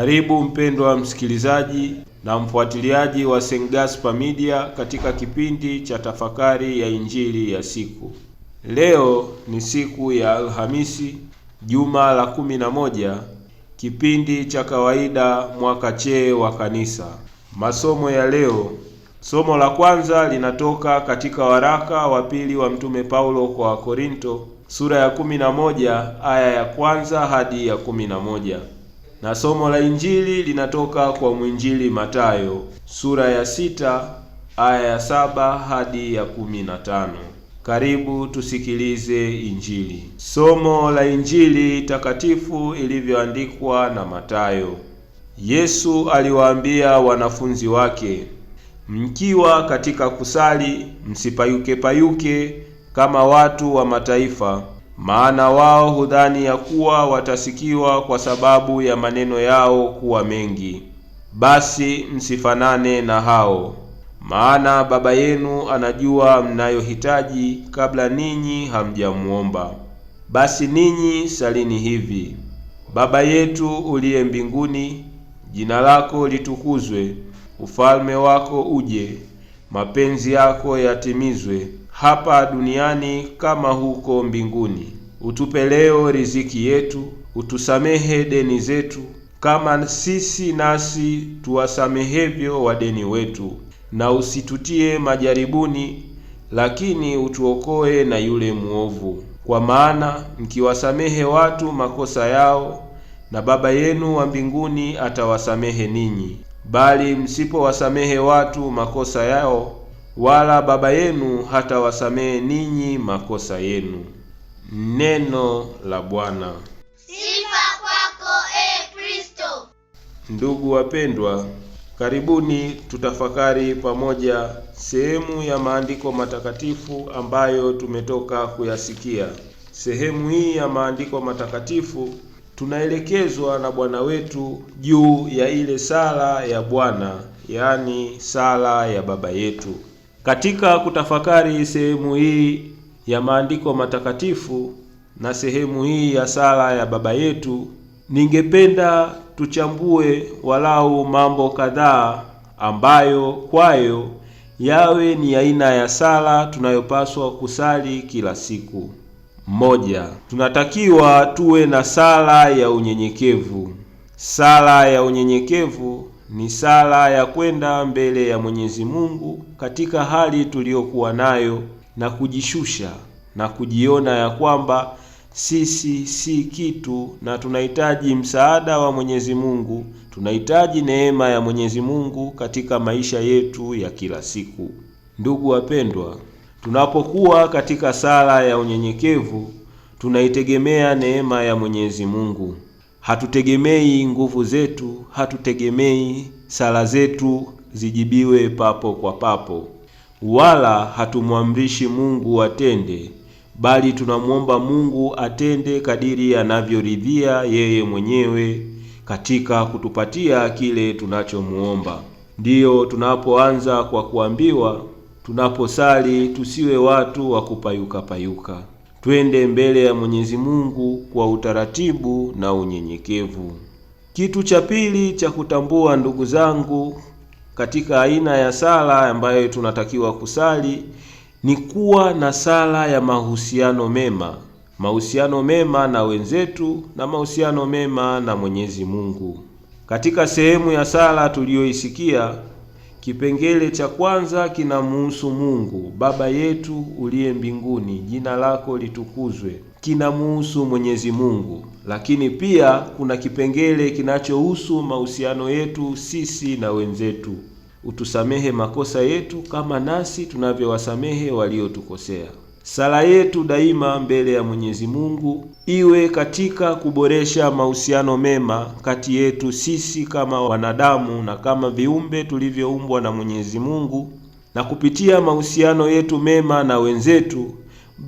Karibu mpendwa msikilizaji na mfuatiliaji wa St. Gaspar Media katika kipindi cha tafakari ya injili ya siku. Leo ni siku ya Alhamisi, juma la kumi na moja, kipindi cha kawaida mwaka C wa Kanisa. Masomo ya leo, somo la kwanza linatoka katika waraka wa pili wa Mtume Paulo kwa Wakorinto sura ya moja aya ya kwanza hadi ya moja. Na somo la Injili linatoka kwa mwinjili Matayo sura ya sita aya ya saba hadi ya kumi na tano. Karibu tusikilize Injili. Somo la Injili takatifu ilivyoandikwa na Matayo. Yesu aliwaambia wanafunzi wake, mkiwa katika kusali msipayuke payuke kama watu wa mataifa maana wao hudhani ya kuwa watasikiwa kwa sababu ya maneno yao kuwa mengi. Basi msifanane na hao, maana Baba yenu anajua mnayohitaji kabla ninyi hamjamuomba. Basi ninyi salini hivi: Baba yetu uliye mbinguni, jina lako litukuzwe, ufalme wako uje, mapenzi yako yatimizwe hapa duniani kama huko mbinguni. Utupe leo riziki yetu, utusamehe deni zetu kama sisi nasi tuwasamehevyo wadeni wetu, na usitutie majaribuni, lakini utuokoe na yule mwovu. Kwa maana mkiwasamehe watu makosa yao, na Baba yenu wa mbinguni atawasamehe ninyi, bali msipowasamehe watu makosa yao wala Baba yenu hatawasamehe ninyi makosa yenu. Neno la Bwana. Sifa kwako e Kristo. Ndugu wapendwa, karibuni tutafakari pamoja sehemu ya maandiko matakatifu ambayo tumetoka kuyasikia. Sehemu hii ya maandiko matakatifu tunaelekezwa na Bwana wetu juu ya ile sala ya Bwana, yaani sala ya Baba yetu. Katika kutafakari sehemu hii ya maandiko matakatifu na sehemu hii ya sala ya Baba yetu, ningependa tuchambue walau mambo kadhaa ambayo kwayo yawe ni aina ya sala tunayopaswa kusali kila siku. Moja, tunatakiwa tuwe na sala ya unyenyekevu. Sala ya unyenyekevu ni sala ya kwenda mbele ya Mwenyezi Mungu katika hali tuliyokuwa nayo na kujishusha na kujiona ya kwamba sisi si kitu na tunahitaji msaada wa Mwenyezi Mungu, tunahitaji neema ya Mwenyezi Mungu katika maisha yetu ya kila siku. Ndugu wapendwa, tunapokuwa katika sala ya unyenyekevu tunaitegemea neema ya Mwenyezi Mungu. Hatutegemei nguvu zetu, hatutegemei sala zetu zijibiwe papo kwa papo, wala hatumwamrishi Mungu atende, bali tunamwomba Mungu atende kadiri anavyoridhia yeye mwenyewe katika kutupatia kile tunachomuomba. Ndiyo tunapoanza kwa kuambiwa tunaposali tusiwe watu wa kupayuka payuka twende mbele ya Mwenyezi Mungu kwa utaratibu na unyenyekevu. Kitu cha pili cha kutambua, ndugu zangu, katika aina ya sala ambayo tunatakiwa kusali ni kuwa na sala ya mahusiano mema, mahusiano mema na wenzetu na mahusiano mema na Mwenyezi Mungu. Katika sehemu ya sala tuliyoisikia Kipengele cha kwanza kinamuhusu Mungu Baba yetu uliye mbinguni, jina lako litukuzwe, kinamuhusu Mwenyezi Mungu. Lakini pia kuna kipengele kinachohusu mahusiano yetu sisi na wenzetu, utusamehe makosa yetu kama nasi tunavyowasamehe waliotukosea. Sala yetu daima mbele ya Mwenyezi Mungu iwe katika kuboresha mahusiano mema kati yetu sisi kama wanadamu na kama viumbe tulivyoumbwa na Mwenyezi Mungu, na kupitia mahusiano yetu mema na wenzetu,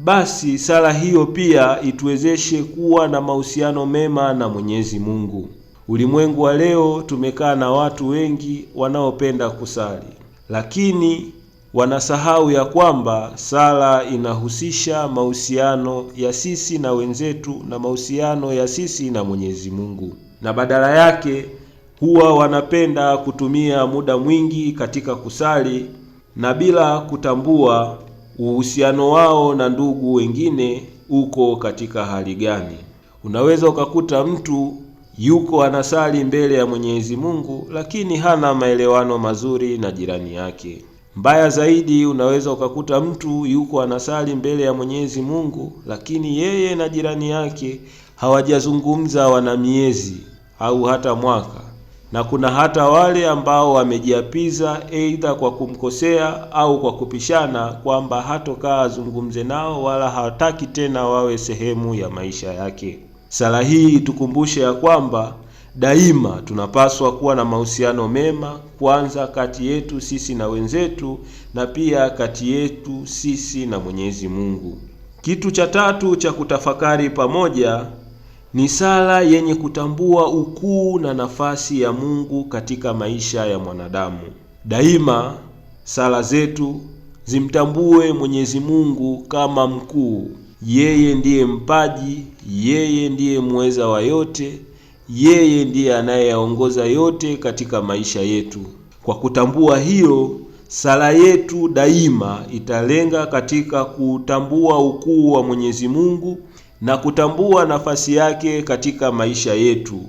basi sala hiyo pia ituwezeshe kuwa na mahusiano mema na Mwenyezi Mungu. Ulimwengu wa leo tumekaa na watu wengi wanaopenda kusali, lakini wanasahau ya kwamba sala inahusisha mahusiano ya sisi na wenzetu na mahusiano ya sisi na Mwenyezi Mungu, na badala yake huwa wanapenda kutumia muda mwingi katika kusali na bila kutambua uhusiano wao na ndugu wengine uko katika hali gani. Unaweza ukakuta mtu yuko anasali mbele ya Mwenyezi Mungu, lakini hana maelewano mazuri na jirani yake. Mbaya zaidi, unaweza ukakuta mtu yuko anasali mbele ya Mwenyezi Mungu, lakini yeye na jirani yake hawajazungumza wana miezi au hata mwaka, na kuna hata wale ambao wamejiapiza aidha kwa kumkosea au kwa kupishana kwamba hatokaa azungumze nao wala hataki tena wawe sehemu ya maisha yake. Sala hii tukumbushe ya kwamba Daima tunapaswa kuwa na mahusiano mema, kwanza kati yetu sisi na wenzetu, na pia kati yetu sisi na Mwenyezi Mungu. Kitu cha tatu cha kutafakari pamoja ni sala yenye kutambua ukuu na nafasi ya Mungu katika maisha ya mwanadamu. Daima sala zetu zimtambue Mwenyezi Mungu kama mkuu. Yeye ndiye mpaji, yeye ndiye muweza wa yote yeye ndiye anayeyaongoza yote katika maisha yetu. Kwa kutambua hiyo, sala yetu daima italenga katika kutambua ukuu wa Mwenyezi Mungu na kutambua nafasi yake katika maisha yetu.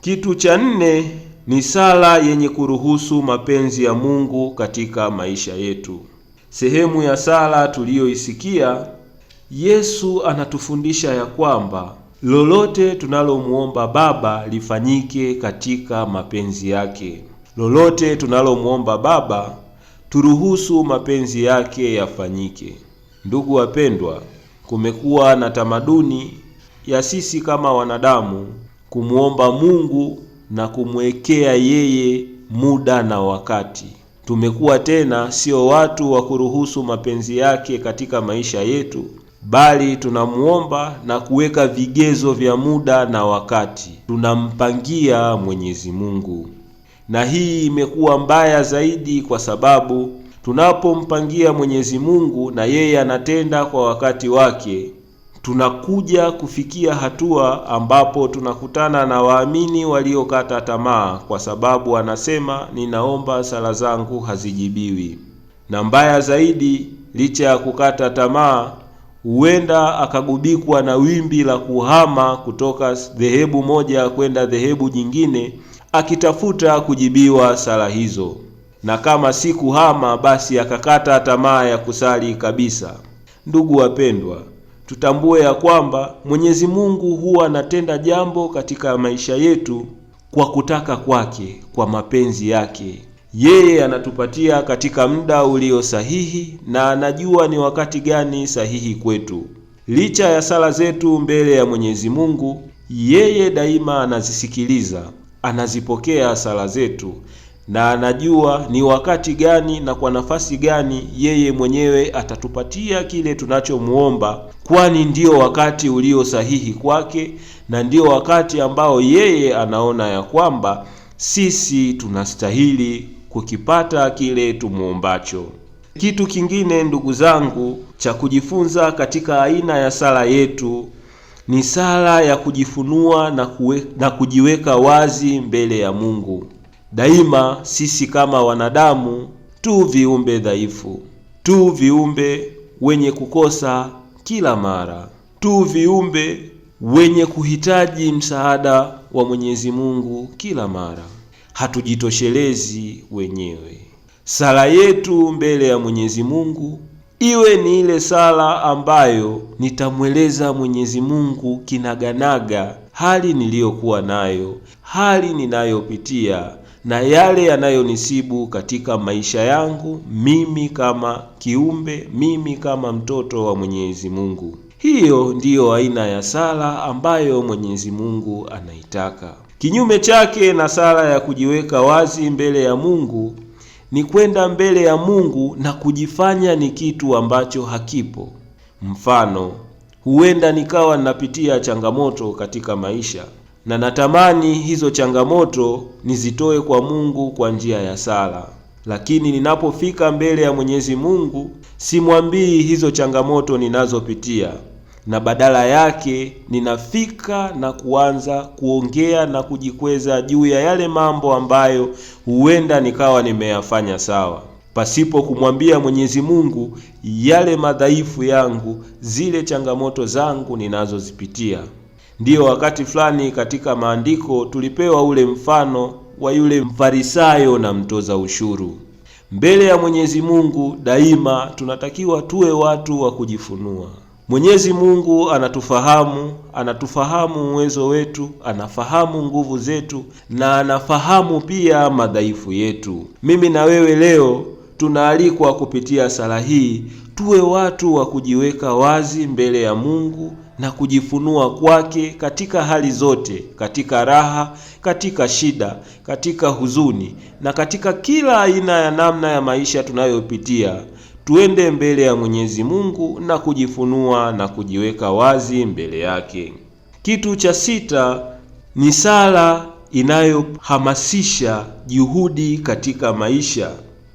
Kitu cha nne ni sala yenye kuruhusu mapenzi ya Mungu katika maisha yetu. Sehemu ya sala tuliyoisikia, Yesu anatufundisha ya kwamba lolote tunalomwomba Baba lifanyike katika mapenzi yake. Lolote tunalomwomba Baba turuhusu mapenzi yake yafanyike. Ndugu wapendwa, kumekuwa na tamaduni ya sisi kama wanadamu kumwomba Mungu na kumwekea yeye muda na wakati. Tumekuwa tena sio watu wa kuruhusu mapenzi yake katika maisha yetu, bali tunamuomba na kuweka vigezo vya muda na wakati tunampangia Mwenyezi Mungu. Na hii imekuwa mbaya zaidi kwa sababu tunapompangia Mwenyezi Mungu na yeye anatenda kwa wakati wake, tunakuja kufikia hatua ambapo tunakutana na waamini waliokata tamaa, kwa sababu anasema ninaomba sala zangu hazijibiwi. Na mbaya zaidi, licha ya kukata tamaa huenda akagubikwa na wimbi la kuhama kutoka dhehebu moja kwenda dhehebu nyingine, akitafuta kujibiwa sala hizo, na kama si kuhama, basi akakata tamaa ya kusali kabisa. Ndugu wapendwa, tutambue ya kwamba Mwenyezi Mungu huwa anatenda jambo katika maisha yetu kwa kutaka kwake, kwa mapenzi yake yeye anatupatia katika muda ulio sahihi na anajua ni wakati gani sahihi kwetu. Licha ya sala zetu mbele ya Mwenyezi Mungu, yeye daima anazisikiliza, anazipokea sala zetu na anajua ni wakati gani na kwa nafasi gani yeye mwenyewe atatupatia kile tunachomuomba, kwani ndio wakati ulio sahihi kwake na ndio wakati ambao yeye anaona ya kwamba sisi tunastahili kukipata kile tumuombacho. Kitu kingine ndugu zangu cha kujifunza katika aina ya sala yetu ni sala ya kujifunua na, kue, na kujiweka wazi mbele ya Mungu. Daima sisi kama wanadamu tu viumbe dhaifu, tu viumbe wenye kukosa kila mara, tu viumbe wenye kuhitaji msaada wa Mwenyezi Mungu kila mara hatujitoshelezi wenyewe. Sala yetu mbele ya Mwenyezi Mungu iwe ni ile sala ambayo nitamweleza Mwenyezi Mungu kinaganaga hali niliyokuwa nayo, hali ninayopitia na yale yanayonisibu katika maisha yangu, mimi kama kiumbe, mimi kama mtoto wa Mwenyezi Mungu. Hiyo ndiyo aina ya sala ambayo Mwenyezi Mungu anaitaka. Kinyume chake na sala ya kujiweka wazi mbele ya Mungu ni kwenda mbele ya Mungu na kujifanya ni kitu ambacho hakipo. Mfano, huenda nikawa ninapitia changamoto katika maisha na natamani hizo changamoto nizitoe kwa Mungu kwa njia ya sala, lakini ninapofika mbele ya Mwenyezi Mungu simwambii hizo changamoto ninazopitia, na badala yake ninafika na kuanza kuongea na kujikweza juu ya yale mambo ambayo huenda nikawa nimeyafanya sawa, pasipo kumwambia Mwenyezi Mungu yale madhaifu yangu, zile changamoto zangu ninazozipitia. Ndiyo, wakati fulani katika maandiko tulipewa ule mfano wa yule mfarisayo na mtoza ushuru. Mbele ya Mwenyezi Mungu daima tunatakiwa tuwe watu wa kujifunua. Mwenyezi Mungu anatufahamu, anatufahamu uwezo wetu, anafahamu nguvu zetu na anafahamu pia madhaifu yetu. Mimi na wewe leo tunaalikwa kupitia sala hii tuwe watu wa kujiweka wazi mbele ya Mungu na kujifunua kwake katika hali zote, katika raha, katika shida, katika huzuni na katika kila aina ya namna ya maisha tunayopitia tuende mbele ya Mwenyezi Mungu na kujifunua na kujiweka wazi mbele yake. Kitu cha sita ni sala inayohamasisha juhudi katika maisha.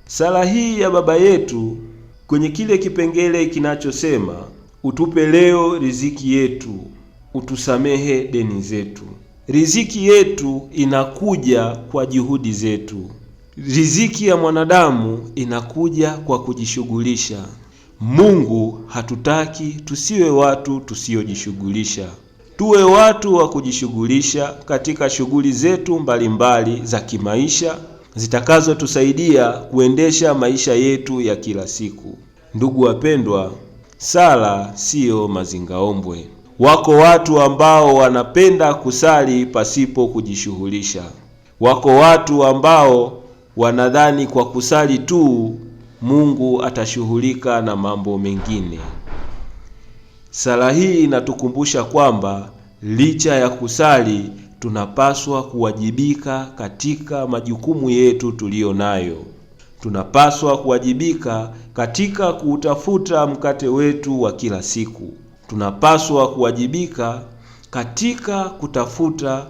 Sala hii ya Baba yetu kwenye kile kipengele kinachosema utupe leo riziki yetu, utusamehe deni zetu. Riziki yetu inakuja kwa juhudi zetu. Riziki ya mwanadamu inakuja kwa kujishughulisha. Mungu hatutaki tusiwe watu tusiojishughulisha. Tuwe watu wa kujishughulisha katika shughuli zetu mbalimbali mbali za kimaisha zitakazotusaidia kuendesha maisha yetu ya kila siku. Ndugu wapendwa, sala siyo mazingaombwe. Wako watu ambao wanapenda kusali pasipo kujishughulisha. Wako watu ambao wanadhani kwa kusali tu Mungu atashughulika na mambo mengine. Sala hii inatukumbusha kwamba licha ya kusali tunapaswa kuwajibika katika majukumu yetu tuliyo nayo. Tunapaswa kuwajibika katika kuutafuta mkate wetu wa kila siku. Tunapaswa kuwajibika katika kutafuta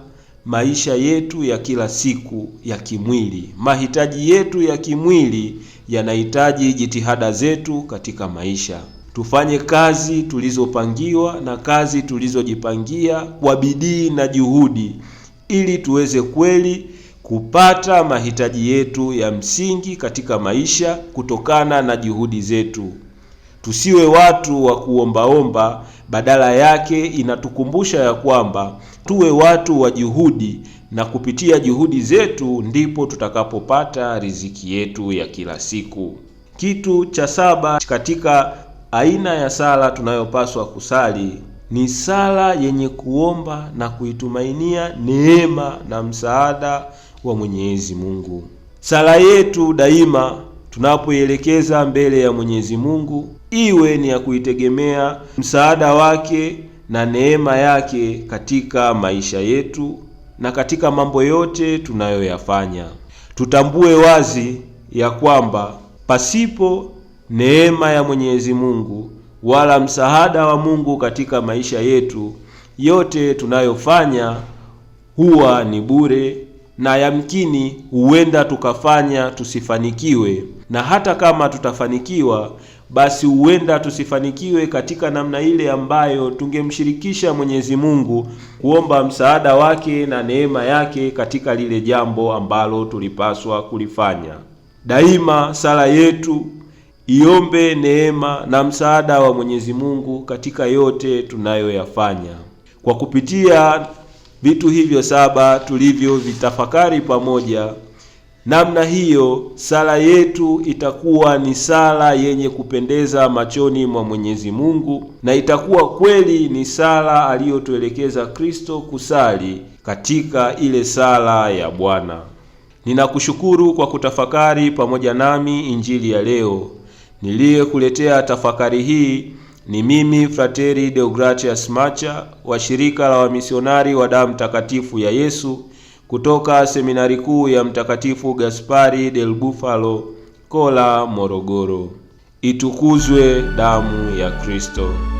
maisha yetu ya kila siku ya kimwili. Mahitaji yetu ya kimwili yanahitaji jitihada zetu katika maisha. Tufanye kazi tulizopangiwa na kazi tulizojipangia kwa bidii na juhudi, ili tuweze kweli kupata mahitaji yetu ya msingi katika maisha kutokana na juhudi zetu. Tusiwe watu wa kuombaomba, badala yake inatukumbusha ya kwamba tuwe watu wa juhudi, na kupitia juhudi zetu ndipo tutakapopata riziki yetu ya kila siku. Kitu cha saba katika aina ya sala tunayopaswa kusali ni sala yenye kuomba na kuitumainia neema na msaada wa Mwenyezi Mungu. Sala yetu daima tunapoielekeza mbele ya Mwenyezi Mungu iwe ni ya kuitegemea msaada wake na neema yake katika maisha yetu na katika mambo yote tunayoyafanya. Tutambue wazi ya kwamba pasipo neema ya Mwenyezi Mungu wala msaada wa Mungu katika maisha yetu, yote tunayofanya huwa ni bure na yamkini huenda tukafanya tusifanikiwe, na hata kama tutafanikiwa basi huenda tusifanikiwe katika namna ile ambayo tungemshirikisha Mwenyezi Mungu kuomba msaada wake na neema yake katika lile jambo ambalo tulipaswa kulifanya. Daima sala yetu iombe neema na msaada wa Mwenyezi Mungu katika yote tunayoyafanya. Kwa kupitia vitu hivyo saba tulivyovitafakari pamoja Namna hiyo sala yetu itakuwa ni sala yenye kupendeza machoni mwa Mwenyezi Mungu na itakuwa kweli ni sala aliyotuelekeza Kristo kusali katika ile sala ya Bwana. Ninakushukuru kwa kutafakari pamoja nami Injili ya leo. Niliyekuletea tafakari hii ni mimi Frateri Deogratias Macha wa shirika la wamisionari wa damu takatifu ya Yesu kutoka seminari kuu ya Mtakatifu Gaspari del Bufalo, Kola, Morogoro. Itukuzwe damu ya Kristo!